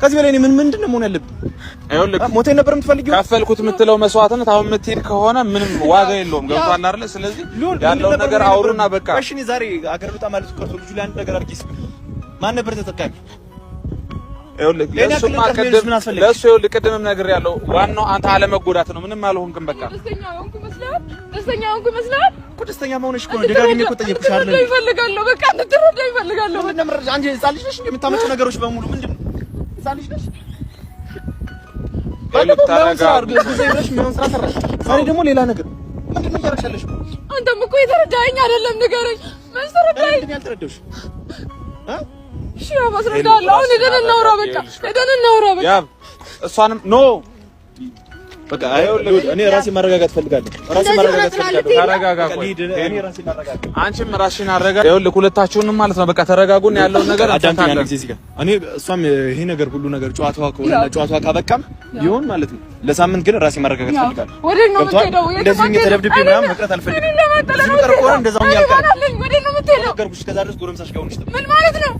ከዚህ በላይ ምን ምንድን ነው መሆን ያለብን? አይወልክ ሞቴ ነበር የምትፈልጊው ከፈልኩት የምትለው መስዋዕትነት አሁን የምትሄድ ከሆነ ምንም ዋጋ የለውም። ገብቷል አይደለ? ስለዚህ ያለው ነገር አውሩና በቃ። እሺ ዛሬ አገር ልውጣ ማለት ቀርቶ ልጁ ለአንድ ነገር አድርጊስ ማን ነበር ተጠቃሚ? ለእሱ ይኸውልህ፣ ቅድምም ነገር ዋናው አንተ አለመጎዳት ነው። ምንም አልሆንክም። በቃ ደስተኛ ሆንኩ ይመስልሃል? እኮ ደስተኛ መሆንሽ እኮ ነው። ደጋግሜ እኮ ጠየቅኩሻለሁ። ይፈልጋለሁ፣ በቃ እንድትረዳ ይፈልጋለሁ። አንቺ ሕፃን ልጅ ነሽ፣ የምታመጪው ነገሮች በሙሉ ምንድን ነው? ሕፃን ልጅ ነሽ። ደግሞ ሌላ ነገር አንተም እኮ የተረዳኸኝ አይደለም። ንገረኝ፣ ምን ተረዳኸኝ? እሺ አሁን ሄደን እናውራ፣ በቃ ሄደን እናውራ። በቃ እሷንም ኖ በቃ እኔ ራሴ ማረጋጋት ፈልጋለሁ። ራሴ ማረጋጋት ፈልጋለሁ። ተረጋጋ። አንቺም ራስሽን አረጋጋ። ይኸውልህ ሁለታችሁንም ማለት ነው። በቃ ተረጋጉና ያለውን ነገር እኔ እሷም ይሄ ነገር ሁሉ ነገር ጨዋታዋ ከሆነና ጨዋታዋ ካበቃም ይሁን ማለት ነው። ለሳምንት ግን ራሴ ማረጋጋት ፈልጋለሁ። ወዴት ነው የምትሄደው? እንደዚህ እየተደብድቤ ምናምን መቅረት አልፈልግም። እንደዛው ነው ምን ማለት ነው?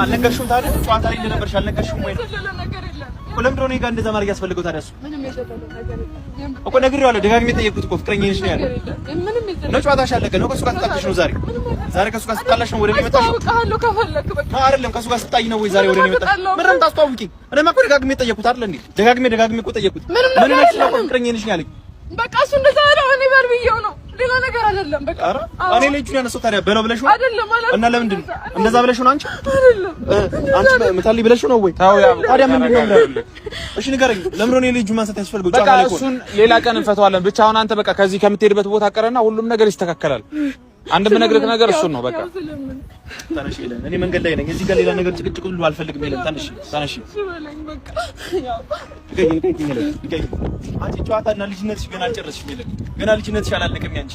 አልነገርሽውም? ታዲያ ጨዋታ ላይ እንደነበርሽ አልነገርሽውም ወይ? እኮ ለምንድን ነው እኔ ጋር እንደዛ ማድረግ ያስፈልገው ታዲያ? እሱ እኮ ነግሬዋለሁ፣ ደጋግሜ የጠየኩት እኮ ፍቅረኛ ነሽ ነው ያለው። ነው ጨዋታሽ አለቀ። ነው ከእሱ ጋር ስጣልሽ ነው ዛሬ ዛሬ ከእሱ ጋር ስጣላሽ ነው ወደ እኔ መጣሽ? አይደለም ከእሱ ጋር ስጣኝ ነው ወይ ዛሬ ወደ እኔ መጣሽ? ምንም አታስተዋውቂኝ። እኔማ እኮ ደጋግሜ ጠየኩት አይደል እንዴ? ደጋግሜ ደጋግሜ እኮ ጠየኩት። ምን ነሽ ነው ፍቅረኛ ነሽ ነው ያለኝ። በቃ እሱ እንደዛ ነው እኔ በል ኧረ እኔ ላይ እጁን ያነሳው ታዲያ በለው ብለሽ ነው እና ለምንድን ነው እንደዛ ብለሽ ነው አንቺ አንቺ ምታልኝ ብለሽ ነው ወይ ታዲያ ምንድን ነው እሺ ንገረኝ ለምን እኔ ላይ እጁን ማንሳት ያስፈልገው በቃ እሱን ሌላ ቀን እንፈተዋለን ብቻ አሁን አንተ በቃ ከዚህ ከምትሄድበት ቦታ ቀረና ሁሉም ነገር ይስተካከላል አንድ የምነግርህ ነገር እሱን ነው በቃ ተነሽ ሄለን እኔ መንገድ ላይ ነኝ እዚህ ጋር ሌላ ነገር ጭቅጭቅ ሁሉ አልፈልግም ሄለን ተነሽ ተነሽ አንቺ ጨዋታ እና ልጅነትሽ ገና አልጨረስሽም ሄለን ገና ልጅነትሽ አላለቀም ያንቺ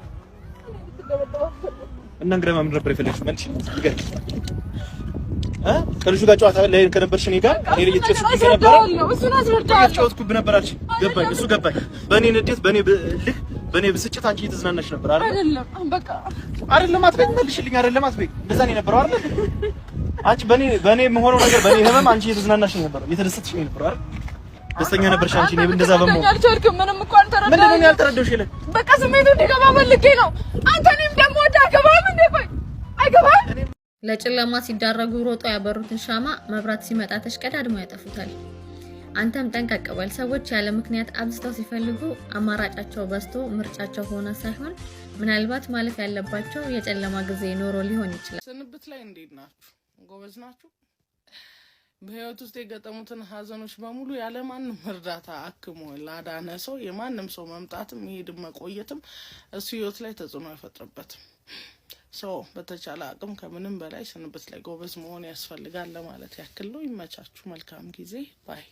እና እንግዲህ ምን ነበር የፈለግሽው? መልሽ ንገሪኝ እ ከልጁ ጋር ጨዋታ ላይ ከነበርሽ እኔ ጋር እኔ እየተጫወትኩብህ ነበር አልሽ። ገባኝ፣ እሱ ገባኝ። በእኔ ንዴት፣ በእኔ ልክ፣ በእኔ ብስጭት አንቺ እየተዝናናሽ ነበር አይደል? አይደለም፣ በቃ አይደለም። አትበይ፣ መልሽልኝ። አይደለም፣ አትበይ። እንደዛ ነው የነበረው አይደል? አንቺ በእኔ በእኔ የምሆነው ነገር፣ በእኔ ህመም አንቺ እየተዝናናሽ ነበር፣ እየተደሰትሽ ነበር አይደል? ደስተኛ ነበርሽ አንቺ? እኔ እንደዛ በመሆን አልቻልኩም። ምንም እኮ አልተረዳሁም። ምንድን ነው ያልተረዳሁሽ? ይለ በቃ ስሜቱ እንዲገባ መልኬ ነው። አንተ እኔም ደግሞ ወደ አገባም እንደ ቆይ አይገባም። ለጨለማ ሲዳረጉ ሮጦ ያበሩትን ሻማ መብራት ሲመጣ ተሽቀዳድሞ ያጠፉታል። አንተም ጠንቀቅ በል። ሰዎች ያለ ምክንያት አብዝተው ሲፈልጉ አማራጫቸው በዝቶ ምርጫቸው ሆነ ሳይሆን ምናልባት ማለፍ ያለባቸው የጨለማ ጊዜ ኖሮ ሊሆን ይችላል። ስንብት ላይ እንዴት ናችሁ? ጎበዝ ናችሁ? በህይወት ውስጥ የገጠሙትን ሀዘኖች በሙሉ ያለማንም እርዳታ አክሞ ላዳነ ሰው የማንም ሰው መምጣትም መሄድም መቆየትም እሱ ህይወት ላይ ተጽዕኖ አይፈጥርበትም። ሰው በተቻለ አቅም ከምንም በላይ ስንብት ላይ ጎበዝ መሆን ያስፈልጋል ለማለት ያክል ነው። ይመቻችሁ። መልካም ጊዜ ባይ